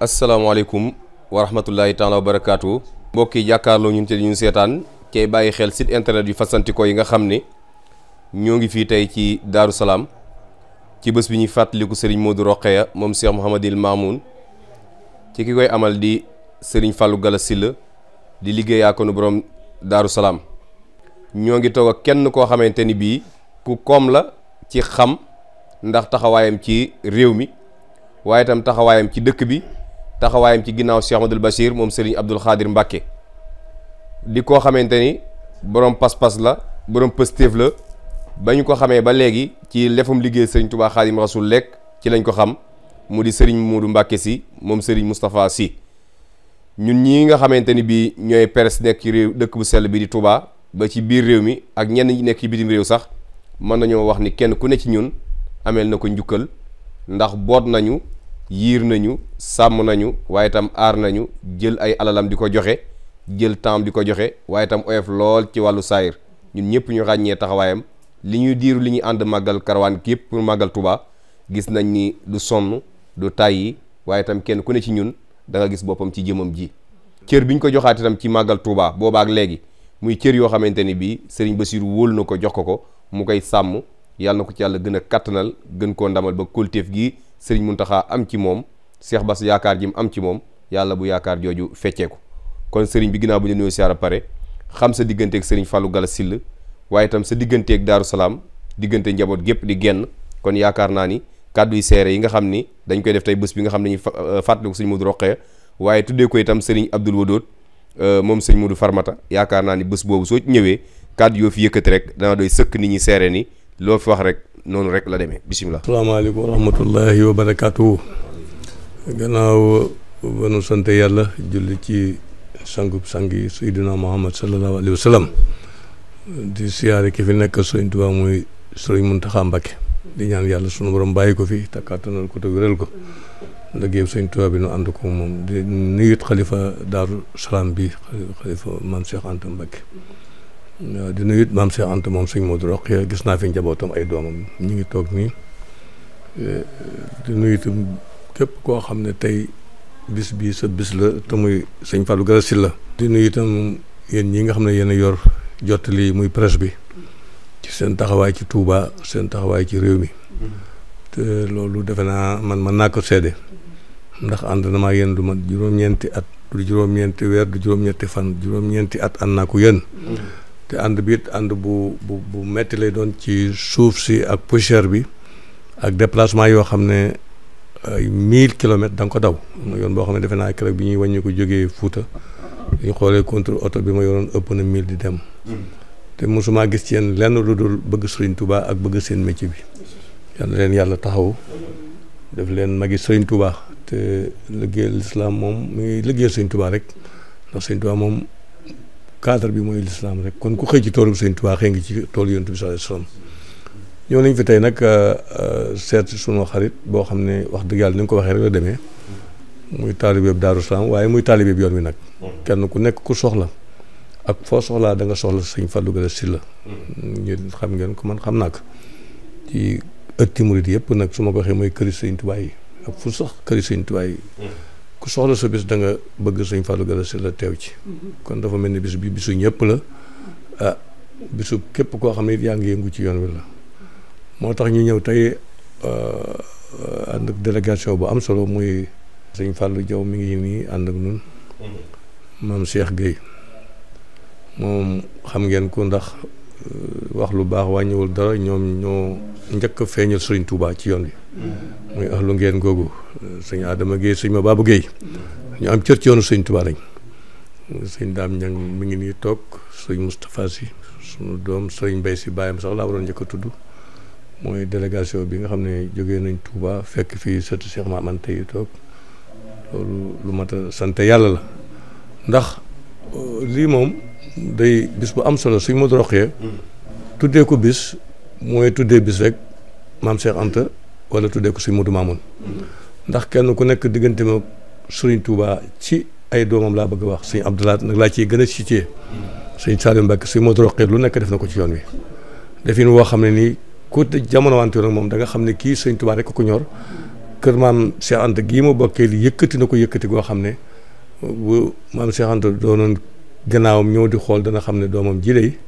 asalaamaaleykum wa rahmatullahi taala wa barakaatu. mbokk yi jàkkaarloo ñun te ñu seetaan kee bàyyi xel site internet yu fasantikoo yi nga xam ne ñoo ngi fii tey ci Daaru Salaam ci bés bi ñuy fàttaliku Serigne Modou Rokhaya moom Cheikh Mouhamadil Mamoun ci ki koy amal di sëriñ Fallou Gala Sylla di liggéey akonu boroom Daaru Salaam ñoo ngi toog ak kenn koo xamante ni bii ku koom la ci xam ndax taxawaayam ci réew mi waaye itam taxawaayam ci dëkk bi. taxawaayam ci ginnaaw Cheikh Ahmadul Bachir moom Serigne Abdul Xaadir Mbàkke di koo xamante ni borom pas-pas la borom pëstéef la ba ñu ko xamee ba léegi ci lefum liggéey Serigne Touba Xaadim Rasul lekk ci lañ ko xam mu di Serigne Moodu Mbàkke si moom Serigne Moustapha si ñun ñii nga xamante ni bii ñooy presse nekk ci réew dëkk bu sell bi di tubaa ba ci biir réew mi ak ñenn ñi nekk ci bitim réew sax mën nañoo wax ni kenn ku ne ci ñun ameel na ko njukkal ndax boot nañu. yiir nañu sàmm nañu waaye itam aar nañu jël ay alalam di ko joxe jël temps di ko joxe waaye itam oyof lool ci wàllu saayir ñun ñëpp ñu ràññee taxawaayam li ñuy diiru li ñuy ànd màggal karawaan képp pour màggal Tuuba gis nañ ni du sonn du tàyyi waaye tam kenn ku ne ci ñun da gis boppam ci jëmam ji cër bi ñu ko joxaat itam ci màggal Tuuba boobaak léegi muy cër yoo xamante ni bii Serigne Bassirou wóolu na ko jox ko ko mu koy sàmm yàlla na ko ci yàlla gën a kattanal gën koo ndamal ba kolteef gi sëriñ Muntaxa am ci moom Cheikh Bass yaakaar ji mu am ci moom yàlla bu yaakaar jooju fecceeku kon sëriñ bi ginnaaw bu ñu nuyoo siyaara pare xam sa digganteeg sëriñ falu Gala Sill waaye itam sa digganteeg Daaru Salaam diggante njaboot gépp di genn kon yaakaar naa ni kàddu yi seere yi nga xam ni dañ koy def tey bés bi nga xam ne ñu euh, fàttaliku sëriñ Modou Rokhaya waaye tuddee ko itam sëriñ Abdoul Wadoot euh, moom sëriñ Modou Farmata yaakaar naa ni bës boobu soo ñëwee kàddu yoo fi yëkkati rek dana doy sëkk nit ñi seere ni loo fi wax rek noonu rek la demee bisimilah. salaamaaleykum wa rahmatullahi wa sant yàlla julli ci sangub sang yi sayyidina Muhammad sallallahu alayhi wa di siyaare ki fi nekk Sëriñ Tuubaa muy Sëriñ Muntaxa Mbakke di ñaan yàlla sunu borom bàyyi ko fi te kàttanal ko te wéral ko liggéey Sëriñ Tuubaa bi nu ànd ko moom di nuyut xalifa Daaru Salaam bi xalifa Maam Cheikh Anta Mbakke di nuyu it maam Cheikh Anta moom sëñ Modou Rokhaya gis naa fi njabootam ay doomam ñu ngi toog nii eh, di nuyu képp koo xam ne tey bis bi sa bis la te muy sëñ Fallou Gala Sylla di nuyu itam yéen ñi nga xam ne yéen a yor jottali muy presse bi seen taxawaay ci Touba seen taxawaay ci réew mi te loolu defe naa man mën naa ko seede ndax ànd na maa yéen du ma juróom-ñeenti at du juróom-ñeenti weer du juróom-ñeenti fan juróom-ñeenti at ànd naa ko yéen te ànd bi ànd bu bu bu metti lay doon ci suuf si ak poussière bi ak déplacement yoo xam ne ay mille kilomètres da ko daw yoon boo xam ne defe naa keroog bi ñuy wàññi ko jógee Fuuta ñu xoolee contre oto bi ma yoroon ëpp na mille di dem te mosumaa gis ci yéen lenn lu dul bëgg Sëriñ Tuubaa ak bëgg seen métier bi yal leen yàlla taxaw def leen magi Sëriñ Tuubaa te liggéeyal lislaam moom mu ngi liggéeyal Sëriñ Tuubaa rek ndax Sëriñ Tuubaa moom cadre bi mooy lislaam rek kon ku xëy ci toolu Sëñ Tuubaa xëy ngi ci toolu Yonent bi sallallaahu alayhi wa nañ fi tey nag euh, euh, seet sunu xarit boo xam ne wax dëgg yàlla ni nga ko waxee rek la demee muy taalibeeb Daaru Salaam waaye muy taalibeeb yoon wi nag kenn ku nekk ku soxla ak foo soxlaa da nga soxla Sëñ Fallou Galass Sylla ñu xam ngeen ko man xam naa ko ci ëtti murid yëpp nag su ma ko waxee mooy këri Sëñ Tuubaa yi ak fu sax këri Sëñ Tuubaa ku soxla sa bis da nga bëgg sëñ Fallou Galasse la teew ci kon dafa mel ni bis bi bisu ñëpp la ah bisu képp koo xam ne yaa ngi yëngu ci yoon wi la moo tax ñu ñëw tey ah, ànd ak délégation bu am solo muy sëñ Fallou Diaw mi ngi nii ànd ak ñun moom Cheikh Gueye moom xam ngeen ko ndax eh, wax lu baax wàññiwul dara ñoom ñoo njëkk a feeñal sëriñ Touba ci yoon wi muy ahlu ngeen googu sëñ Adama Guèye sëñ ma Babou Guèye ñu am cër ci yoonu sëñ Tuubaa lañ sëñ Daam Ñang mu ngi nii toog sëñ Moustapha si sunu doom sëñ Mbay si bàyyam sax laa waroon njëkk a tudd mooy délégation bi nga xam ne jógee nañ Touba fekk fii sëtu Cheikh Maam Anta yi toog loolu lu mat a sant yàlla la ndax euh, lii moom day bis bu am solo suñ ma doroxee tuddee ko bis mooy tuddee bis rek maam Cheikh Anta wala tuddee ko suñ Modou Mamoun ndax kenn ku nekk diggante ma Serigne Touba ci ay doomam laa bëgg a wax suñ Abdoulaye nag laa ciy gën a cité suñ Saliou Mbacke suñ Modou Roqee lu nekk def na ko ci yoon wi defin woo xam ne nii ku jamono wante nag moom da nga xam ne kii Serigne Touba rek ko ñor kër maam Cheikh gii ma bokkee li yëkkati na ko yëkkati goo xam ne bu maam Cheikh Anta doonoon gannaawam ñëw di xool dana xam ne doomam ji lay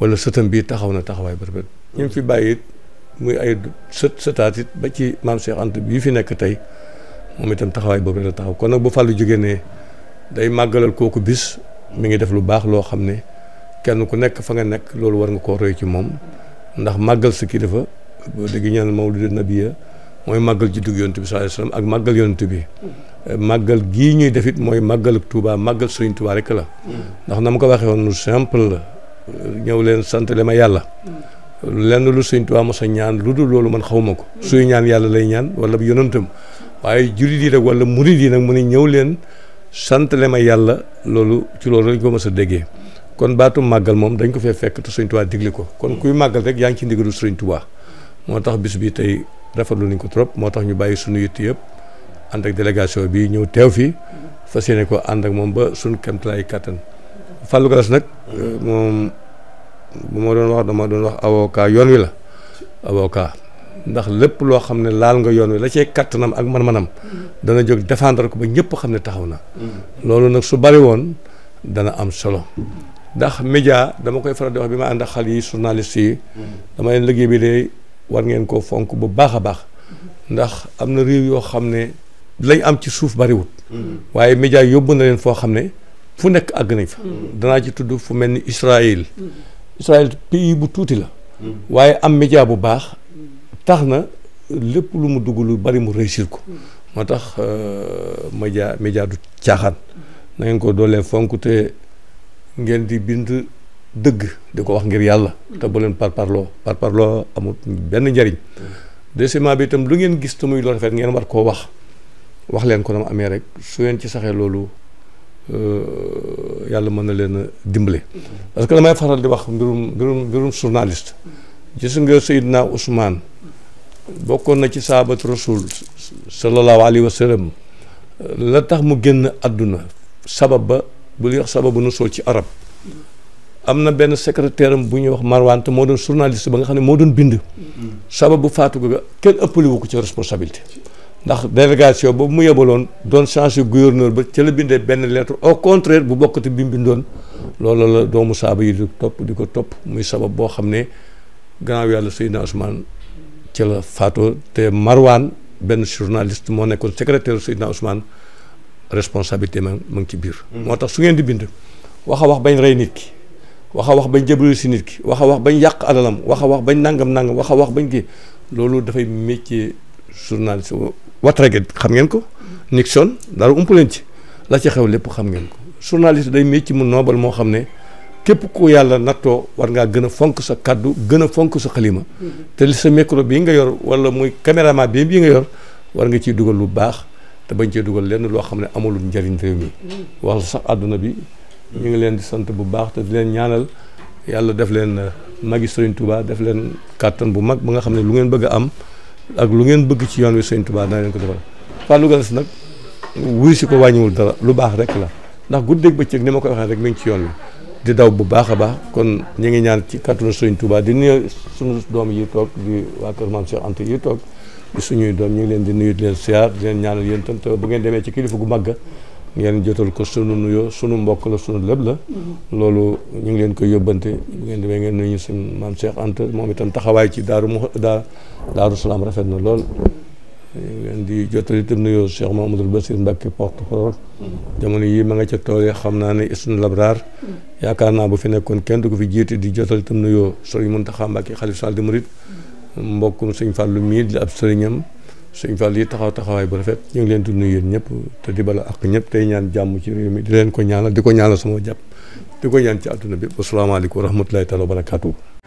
wala sëtam bii taxaw na taxawaay bërëbët muy ay sët sëtaat it ba ci maam Cheikh Anta bii fi nekk tey moom itam taxawaay boobu la taxaw kon nag bu fàllu jógee ne day màggalal kooku bis mu ngi def lu baax loo xam ne kenn ku nekk fa nga nekk loolu war nga koo roy ci moom ndax màggal sa kilifa boo déggee ñu naan mawlidun nabiyya mooy màggal ci dugg yonent bi sallallahu alayhi wasallam ak màggal yonent bi màggal gii ñuy def it mooy màggal tuubaa Touba màggal Sëriñ Touba rek la mm. ndax na ma ko waxee woon lu simple la ñëw leen sant le yàlla mm. lenn lu sëñ Tuubaa mos a ñaan lu dul loolu man xawma ko suy ñaan yàlla lay ñaan wala yonantam waaye jurit yi nag wala murit yi nag mu ne ñëw leen sant le ma yàlla loolu ci loolu lañ ko mos sa déggee kon baatu màggal moom dañ ko fee fekk te sëñ Tuubaa digle ko kon kuy màggal rek yaa ngi ci ndigalu sëñ Tuubaa moo tax bis bi tey rafetlu nañ ko trop moo tax ñu bàyyi suñu yitt yëpp ànd ak délégation bii ñëw teew fii fas yéene ko ànd ak moom ba suñ kemtalaay kàttan euh, moom bu ma doon wax dama doon wax avocat yoon wi la avocat ndax lépp loo xam ne laal nga yoon wi la cee kàttanam ak man-manam dana jóg défendre ko ba ñëpp xam ne taxaw na loolu nag su bari woon dana am solo ndax média dama koy faral di wax bi ma ànd ak xal yi journaliste yi dama leen liggéey bi de war ngeen koo fonk bu baax a baax ndax am na réew yoo xam ne lañ am ci suuf bariwul waaye média yóbbu na leen foo xam ne fu nekk àgg nañ fa danaa ci tudd fu mel ni Israël Israël pays bu tuuti la. Mm. waaye am média bu baax tax na lépp lu mu dugg lu bari mu réussir ko. Mm. moo tax euh, média média du caaxaan. Mm. na ngeen ko doolee fonk te ngeen di bind dëgg di ko wax ngir yàlla. te bu leen par parparloo parparloo amut benn njariñ. deuxièmement bi itam lu ngeen gis te muy lu rafet ngeen war koo wax wax leen ko na amee rek su ngeen ci saxee loolu. yàlla mën na leen a dimbale. parce que damay faral di wax mbirum mbirum mbirum journaliste. gis nga Seydina bokkoon na ci saabat rasul sallallahu alayhi wa sallam la tax mu génn àdduna sabab ba bu ñuy wax sababu nu sol ci arab am na benn secrétaire am bu ñuy wax Marwan te moo doon journaliste ba nga xam ne moo doon bind mm-hmm. sababu faatu ga kenn ëppaliwu ko ci responsabilité ndax délégation boobu mu yebaloon doon changé gouverneur ba ca la bindee benn lettre au contraire bu bokkati bi mu bindoon loolu la doomu saaba yi di topp di ko topp muy sabab boo xam ne gannaaw yàlla Seydina Ousmane ca la faatoo te Marwan benn journaliste moo nekkoon secrétaire Seydina Ousmane responsabilité ma mu ngi ci biir. Mm-hmm. moo tax su ngeen di bind wax wax bañ rey nit ki wax a wax bañ jëblu si nit ki wax a wax bañ yàq alalam wax a wax bañ nangam nangam wax a wax bañ kii journaliste Watergate xam ngeen ko Nixon daal ump leen ci la ci xew lépp xam ngeen ko journaliste day métti mu noobal moo xam ne képp ku yàlla nattoo war ngaa gën a fonk sa kàddu gën a fonk sa xalima te sa micro bii nga yor wala muy caméraman bi bii nga yor war nga ciy dugal lu baax te bañ cee dugal lenn loo xam ne amulul njëriñ réew mi wax sax àdduna bi ñu ngi leen di sant bu baax te di leen ñaanal yàlla def leen euh, magi Sëriñ Tuubaa def leen kàttan bu mag ba nga xam ne lu ngeen bëgg a am ak lu ngeen bëgg ci yoon wi sëñ Tuubaa dana leen ko lu Fallou Galass nag wuy si ko wàññiwul dara lu baax rek la ndax guddeeg bëccëg ni ma ko waxee rek mi ngi ci yoon di daw bu baax a baax kon ñu ngi ñaan ci kàttanu sëñ Tuubaa di nuyu suñu doom yi toog di waa kër Maam Cheikh Anta yi toog suñuy doom ñu ngi leen di nuyu di leen siyaar di leen ñaanal yéen tam bu ngeen demee ci kilifa gu màgg ngeen jotal ko sunu nuyoo sunu mbokk la sunu lépp la. Mm-hmm. loolu ñu ngi leen koy yóbbante bu ngeen demee ngeen nuyu suñu maam Cheikh Anta moom itam taxawaay ci daaru mu daa daaru salaam rafet na lool. ngeen di jottali itam nuyoo Cheikh Mamadou Bassir Mbacke porte-parole mm-hmm. jamono yii ma nga ca tool yi xam naa ne Isnul Abrar mm-hmm. yaakaar naa bu fi nekkoon kenn du ko fi jiite di jottali itam nuyoo Serigne Mountakha Mbacke xalif Sall di Murid mbokkum sëñ Fallou mii di ab sëriñam sëñ Fall yi taxaw taxawaay bu rafet ñu ngi leen di nuyu yéen ñëpp te di bala ak ñëpp tey ñaan jàmm ci réew mi di leen ko ñaanal di ko ñaanal sama jàpp di ko ñaan ci àdduna bi asalaamaaleykum wa rahmatulahi taala wa